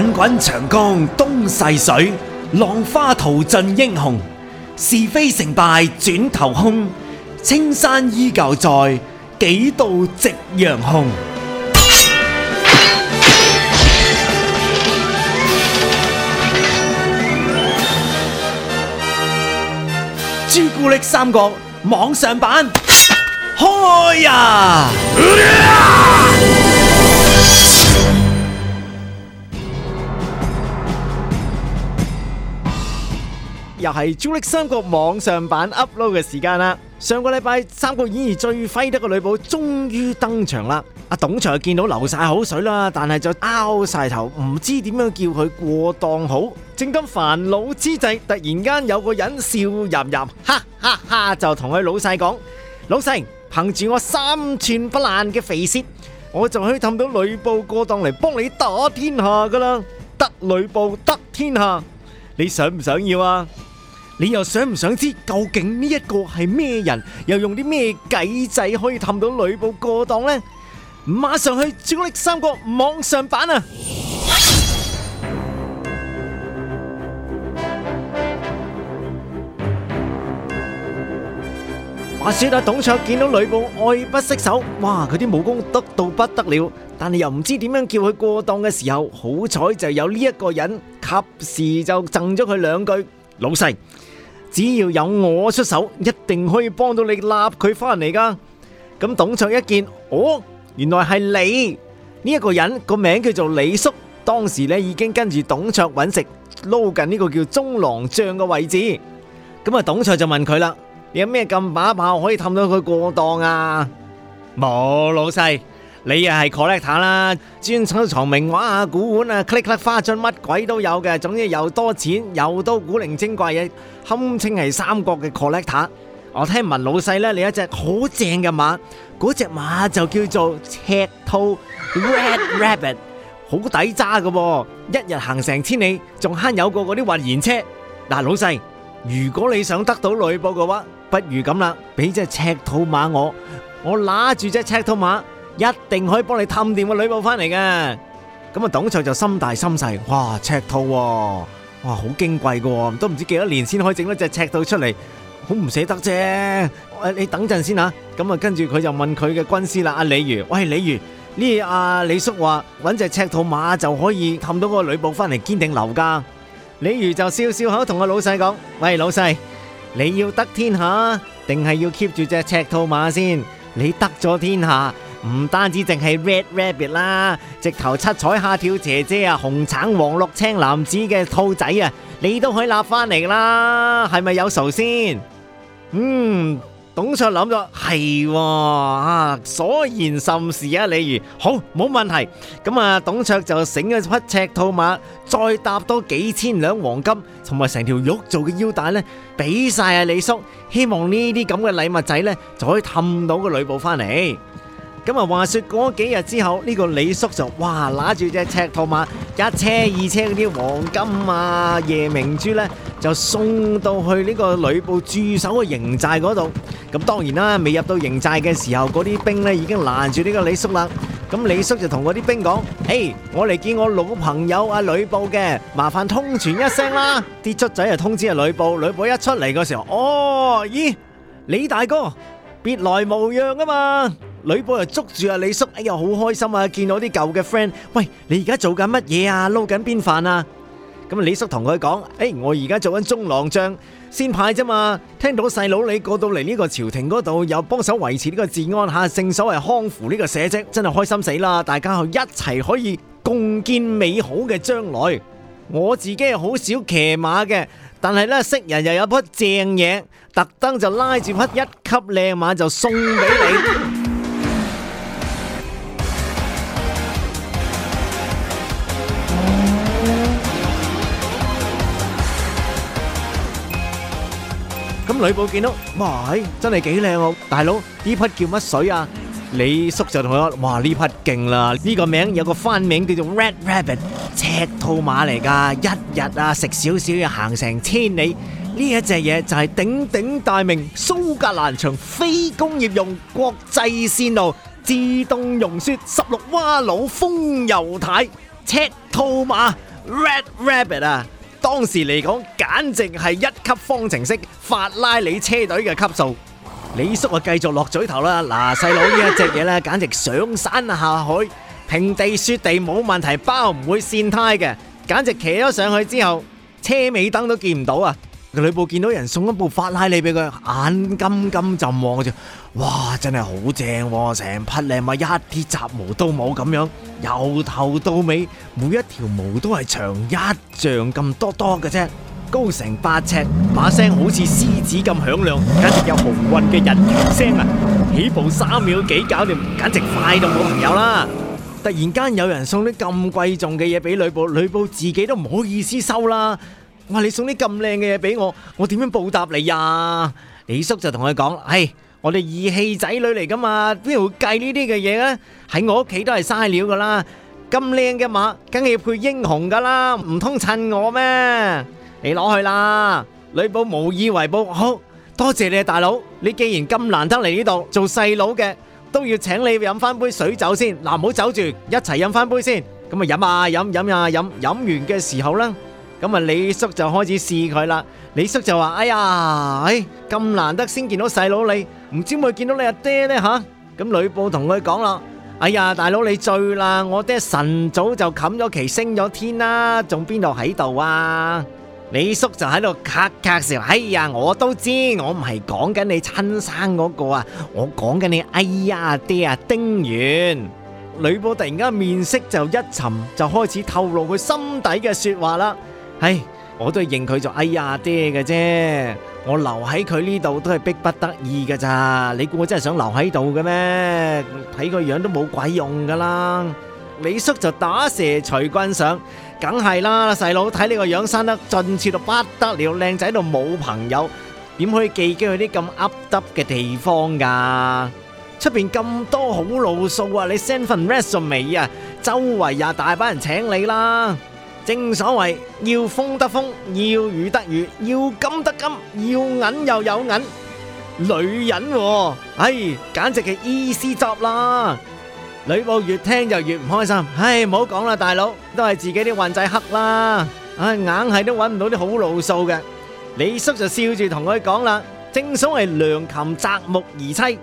滾滾長江東逝水，浪花淘盡英雄。是非成敗轉頭空。青山依舊在，幾度夕陽紅。《朱古力三國》網上版，開呀！ 又係《朱古力三國》網上版 upload 嘅時間啦！上個禮拜《三國演義》最輝得嘅呂布終於登場啦！阿董卓見到流晒口水啦，但係就拗晒頭，唔知點樣叫佢過檔好。正當煩惱之際，突然間有個人笑吟吟，哈哈哈,哈就，就同佢老細講：老細，憑住我三寸不爛嘅肥舌，我就可以氹到呂布過檔嚟幫你打天下噶啦！得呂布得天下，你想唔想要啊？你又想唔想知究竟呢一個係咩人？又用啲咩計仔可以氹到呂布過檔呢？馬上去朱古力三國網上版啊！話說啊，董卓見到呂布愛不釋手，哇！佢啲武功得到不得了，但係又唔知點樣叫佢過檔嘅時候，好彩就有呢一個人及時就贈咗佢兩句老細。只要有我出手，一定可以幫到你笠佢翻嚟噶。咁董卓一見，哦，原來係你呢一個人個名叫做李肅，當時咧已經跟住董卓搵食，撈緊呢個叫中郎將嘅位置。咁啊，董卓就問佢啦：你有咩咁把炮可以氹到佢過檔啊？冇老細。你又係 collector 啦，專收藏名畫啊、古碗啊、click click 花樽、乜鬼都有嘅，總之又多錢又多古靈精怪嘅，堪稱係三國嘅 collector。我聽聞老細咧，你一隻好正嘅馬，嗰隻馬就叫做赤兔 red rabbit，好抵揸嘅，一日行成千里，仲慳有過嗰啲運鹽車。嗱，老細，如果你想得到呂布嘅話，不如咁啦，俾隻赤兔馬我，我揦住隻赤兔馬。一定可以幫你氹掂個呂布翻嚟嘅。咁啊，董卓就心大心細，哇，赤兔喎，哇，好矜貴嘅，都唔知幾多年先可以整到隻赤兔出嚟，好唔捨得啫。誒，你等陣先吓。咁啊，跟住佢就問佢嘅軍師啦。阿李儒，喂，李儒呢？阿李肅話搵隻赤兔馬就可以氹到個呂布翻嚟，堅定留㗎。李儒就笑笑口同個老細講：喂，老細，你要得天下定係要 keep 住隻赤兔馬先。你得咗天下。唔單止淨係 Red Rabbit 啦，直頭七彩蝦跳姐姐啊，紅橙黃綠青藍紫嘅兔仔啊，你都可以擸翻嚟㗎啦，係咪有仇先？嗯，董卓諗咗係啊，所言甚是啊，李儒。好，冇問題。咁啊，董卓就醒咗匹赤兔馬，再搭多幾千兩黃金同埋成條玉做嘅腰帶咧，俾晒啊李肅。希望呢啲咁嘅禮物仔咧，就可以氹到個呂布翻嚟。咁啊！話說過咗幾日之後，呢個李肅就哇揦住隻赤兔馬，一車二車嗰啲黃金啊、夜明珠咧，就送到去呢個呂布駐守嘅營寨嗰度。咁當然啦，未入到營寨嘅時候，嗰啲兵咧已經攔住呢個李肅啦。咁李肅就同嗰啲兵講：誒，我嚟見我老朋友阿呂布嘅，麻煩通傳一聲啦。啲卒仔就通知阿呂布，呂布一出嚟嗰時候，哦，咦，李大哥，別來無恙啊嘛！呂布又捉住阿李肅，哎呀好開心啊！見到啲舊嘅 friend，喂，你而家做緊乜嘢啊？撈緊邊飯啊？咁啊李肅同佢講，哎我而家做緊中郎將，先派啫嘛。聽到細佬你過到嚟呢個朝廷嗰度，又幫手維持呢個治安吓，正所謂匡扶呢個社稷，真係開心死啦！大家又一齊可以共建美好嘅將來。我自己係好少騎馬嘅，但係呢識人又有匹正嘢，特登就拉住匹一級靚馬就送俾你。呂布見到，哇！真係幾靚哦，大佬呢匹叫乜水啊？李肅就同佢話，哇！呢匹勁啦，呢、這個名有個番名叫做 Red Rabbit，赤兔馬嚟噶，一日啊食少少又行成千里。呢一隻嘢就係鼎鼎大名蘇格蘭場非工業用國際線路自動融雪十六蛙佬風油肽赤兔馬 Red Rabbit 啊！當時嚟講，簡直係一級方程式法拉利車隊嘅級數。李肅啊，繼續落嘴頭啦！嗱，細佬呢一隻嘢呢，簡直上山下海，平地雪地冇問題，包唔會跣胎嘅，簡直騎咗上去之後，車尾燈都見唔到啊！個呂布見到人送一部法拉利俾佢，眼金金浸望住：「哇，真係好正，成匹靚馬，一啲雜毛都冇。」咁樣，由頭到尾每一條毛都係長一丈咁多多嘅啫，高成八尺，把聲好似獅子咁響亮，簡直有雄渾嘅人猿聲啊！起步三秒幾搞掂，簡直快到冇朋友啦！突然間有人送啲咁貴重嘅嘢俾呂布，呂布自己都唔好意思收啦。哇你送啲咁靚嘅嘢俾我，我點樣報答你呀？李肅就同佢講：，唉我哋義氣仔女嚟噶嘛，邊度會計呢啲嘅嘢咧？喺我屋企都係嘥料噶啦，咁靚嘅馬，梗係要配英雄噶啦，唔通襯我咩？你攞去啦，呂布無以為報，好多謝你呀大佬。你既然咁難得嚟呢度，做細佬嘅都要請你飲翻杯水酒先，嗱唔好走住，一齊飲翻杯先，咁啊飲啊飲飲啊飲，飲完嘅時候啦。咁啊！李肅就開始試佢啦。李肅就話：哎呀，唉，咁難得先見到細佬你，唔知會見到你阿爹呢？吓、啊。咁呂布同佢講啦：哎呀，大佬你醉啦！我爹晨早就冚咗旗升咗天啦，仲邊度喺度啊？李肅就喺度咔咔笑：哎呀，我都知，我唔係講緊你親生嗰個啊，我講緊你。哎呀，爹啊，丁原！呂布突然間面色就一沉，就開始透露佢心底嘅說話啦。唉，我都係認佢做哎呀爹嘅啫。我留喺佢呢度都係逼不得已嘅咋。你估我真係想留喺度嘅咩？睇個樣都冇鬼用噶啦。李肅就打蛇隨棍上，梗係啦。細佬睇你個樣生得俊俏到不得了，靚仔到冇朋友，點可以寄居去啲咁凹凸嘅地方噶？出邊咁多好路數啊，你 send 份 resume 啊，周圍廿大班人請你啦。正所謂要風得風，要雨得雨，要金得金，要銀又有銀，女人，哎，簡直係衣食足啦！呂布越聽就越唔開心，哎，唔好講啦，大佬，都係自己啲運仔黑啦，哎，硬係都搵唔到啲好路數嘅。李肅就笑住同佢講啦，正所謂良禽擇木而棲，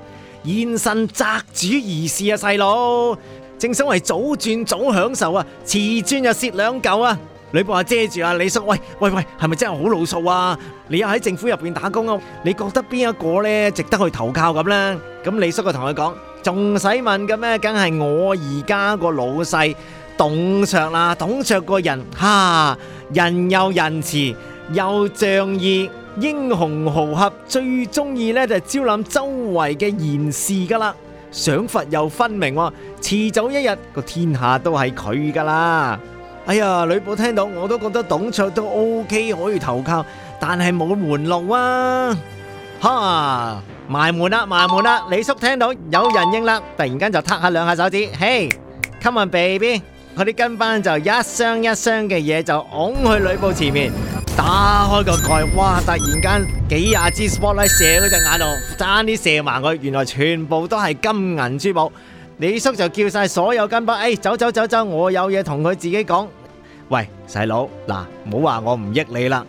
賢臣擇主而事啊，細路。正所謂早轉早享受啊，遲轉又蝕兩嚿啊！呂布啊遮住啊，李叔，喂喂喂，係咪真係好老數啊？你又喺政府入邊打工啊？你覺得邊一個咧值得去投靠咁啦？咁、嗯、李叔就同佢講：仲使問嘅咩？梗係我而家個老細董卓啦！董卓個人，哈、啊，人又仁慈又仗義，英雄豪俠最中意咧就係招攬周圍嘅賢士噶啦。想法又分明喎，遲早一日個天下都係佢噶啦。哎呀，呂布聽到，我都覺得董卓都 OK 可以投靠，但係冇門路啊！哈，埋門啦埋門啦！李肅聽到有人應啦，突然間就拍下兩下手指，嘿，come on baby，佢啲跟班就一箱一箱嘅嘢就拱去呂布前面。打開個蓋，哇！突然間幾廿支 spotlight 射嗰隻眼度，爭啲射埋佢。原來全部都係金銀珠寶。李肅就叫晒所有金伯，哎，走走走走，我有嘢同佢自己講。喂，細佬，嗱，唔好話我唔益你啦。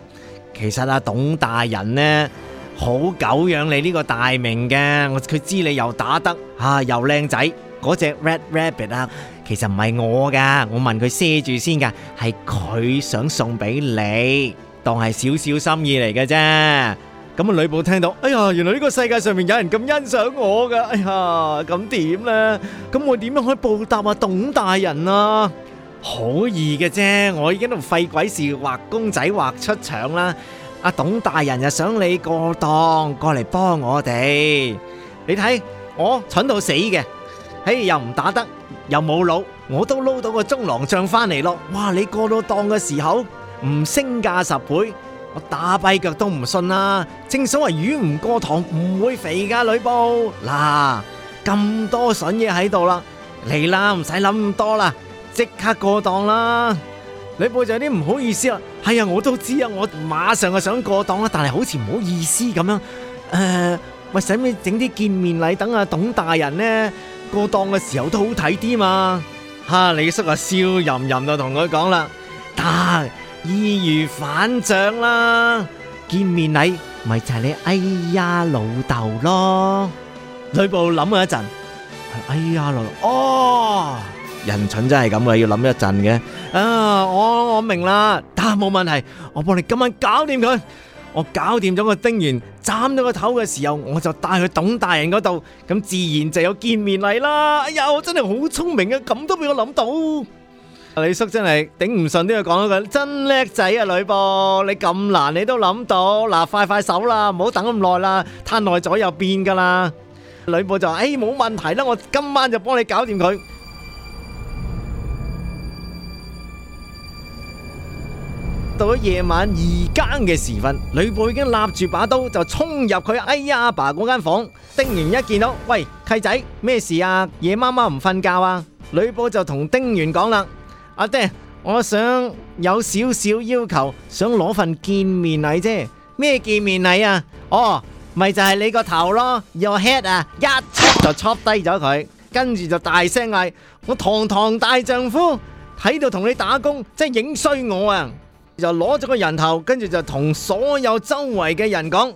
其實啊，董大人呢，好久仰你呢個大名嘅，佢知你又打得啊，又靚仔。嗰隻 Red Rabbit 啊，其實唔係我噶，我問佢賒住先噶，係佢想送俾你。當係少少心意嚟嘅啫，咁啊，呂布聽到，哎呀，原來呢個世界上面有人咁欣賞我噶，哎呀，咁點咧？咁我點樣可以報答啊董大人啊？好易嘅啫，我已經都費鬼事畫公仔畫出腸啦。阿董大人又想你過檔，過嚟，幫我哋。你睇我蠢到死嘅，嘿又唔打得，又冇腦，我都撈到個中郎將翻嚟咯。哇，你過到檔嘅時候。唔升價十倍，我打跛腳都唔信啦！正所謂魚唔過塘唔會肥噶，呂布。嗱、啊，咁多筍嘢喺度啦，嚟啦，唔使諗咁多啦，即刻過檔啦！呂布就有啲唔好意思啦，係、哎、啊，我都知啊，我馬上就想過檔啦，但係好似唔好意思咁樣，誒、呃，咪使咩整啲見面禮等啊董大人呢？過檔嘅時候都好睇啲嘛？哈、啊，李肅啊笑吟吟就同佢講啦，得。易如反掌啦！見面禮咪就係你哎呀老豆咯！呂布諗咗一陣，哎呀老，哦，人蠢真係咁嘅，要諗一陣嘅。啊，我我明啦，但冇問題，我幫你今晚搞掂佢。我搞掂咗個丁原，斬咗個頭嘅時候，我就帶去董大人嗰度，咁自然就有見面禮啦。哎呀，我真係好聰明啊，咁都俾我諗到。李肅真係頂唔順，都要講一句真叻仔啊！呂布，你咁難你都諗到嗱，快快手啦，唔好等咁耐啦，攤耐咗又變噶啦。呂布就話：誒，冇問題啦，我今晚就幫你搞掂佢。到咗夜晚二更嘅時分，呂布已經立住把刀就衝入佢。哎呀，阿爸嗰間房丁原一見到，喂契仔咩事啊？夜媽媽唔瞓覺啊？呂布就同丁原講啦。阿爹，我想有少少要求，想攞份見面禮啫。咩見面禮啊？哦，咪就係、是、你個頭咯。your head 啊，一出就戳低咗佢，跟住就大聲嗌：我堂堂大丈夫，喺度同你打工，即係影衰我啊！就攞咗個人頭，跟住就同所有周圍嘅人講：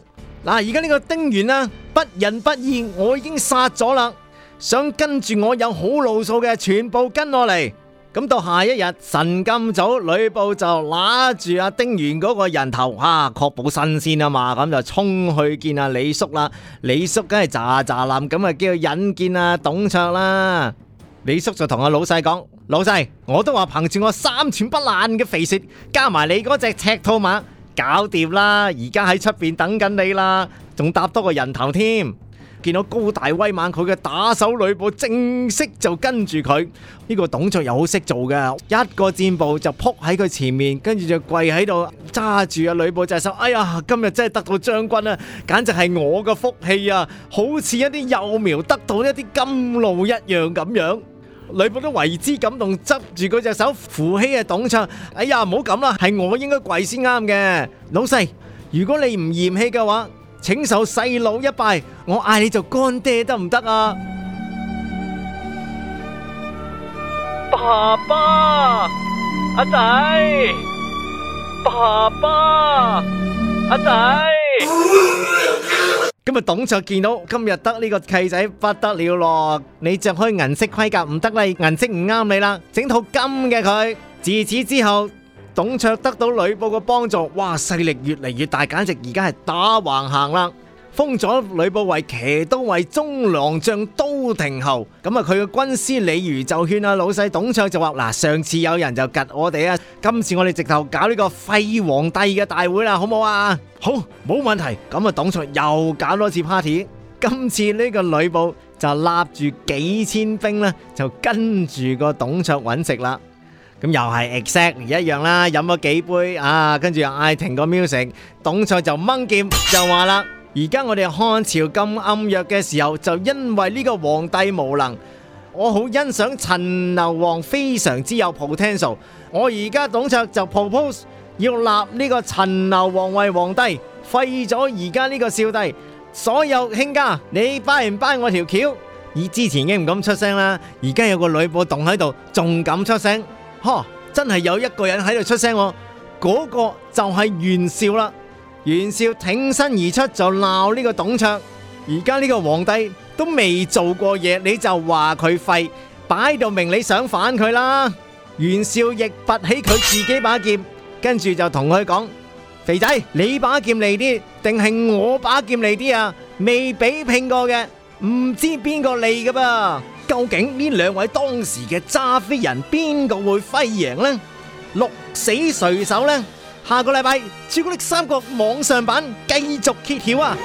嗱，而家呢個丁原啊，不仁不義，我已經殺咗啦。想跟住我有好路數嘅，全部跟我嚟。咁到下一日晨咁早，呂布就拿住阿丁原嗰個人頭，吓、啊，確保新鮮啊嘛，咁就衝去見阿李肅啦。李肅梗係咋咋林咁啊，叫引見阿，董卓啦。李肅就同阿老細講：老細，我都話憑住我三寸不爛嘅肥舌，加埋你嗰隻赤兔馬，搞掂啦。而家喺出邊等緊你啦，仲搭多個人頭添。見到高大威猛，佢嘅打手呂布正式就跟住佢。呢個董卓又好識做嘅，一個箭步就撲喺佢前面，跟住就跪喺度揸住阿呂布隻手。哎呀，今日真係得到將軍啊，簡直係我嘅福氣啊，好似一啲幼苗得到一啲甘露一樣咁樣。呂布都為之感動，執住佢隻手扶起阿董卓。哎呀，唔好咁啦，係我應該跪先啱嘅，老細，如果你唔嫌棄嘅話。請受細佬一拜，我嗌你做乾爹得唔得啊？爸爸，阿仔，爸爸，阿仔。今日，董卓見到今日得呢個契仔不得了咯，你着開銀色盔甲唔得啦，銀色唔啱你啦，整套金嘅佢。自此之後。董卓得到呂布嘅幫助，哇！勢力越嚟越大，簡直而家係打橫行啦！封咗呂布為騎都尉、中郎將、都亭侯。咁啊，佢嘅軍師李儒就勸啊老細董卓就話：嗱，上次有人就撳我哋啊，今次我哋直頭搞呢個廢皇帝嘅大會啦，好唔好啊？好，冇問題。咁啊，董卓又搞多次 party。今次呢個呂布就立住幾千兵咧，就跟住個董卓揾食啦。咁又係 exactly 一樣啦，飲咗幾杯啊，跟住嗌停個 music。董卓就掹劍就話啦：而家 我哋漢朝咁暗弱嘅時候，就因為呢個皇帝無能。我好欣賞陳留王非常之有 potential。我而家董卓就 propose 要立呢個陳留王為皇帝，廢咗而家呢個少帝。所有卿家，你掰唔掰我條橋？以之前已經唔敢出聲啦，而家有個呂布棟喺度，仲敢出聲？呵，真係有一個人喺度出聲，嗰個就係袁紹啦。袁紹挺身而出就鬧呢個董卓，而家呢個皇帝都未做過嘢，你就話佢廢，擺到明你想反佢啦。袁紹亦拔起佢自己把劍，跟住就同佢講：肥仔，你把劍嚟啲，定係我把劍嚟啲啊？未比拼過嘅，唔知邊個嚟噶噃。究竟呢兩位當時嘅揸飛人邊個會揮贏呢？鹿死誰手呢？下個禮拜《朱古力三國》網上版繼續揭曉啊！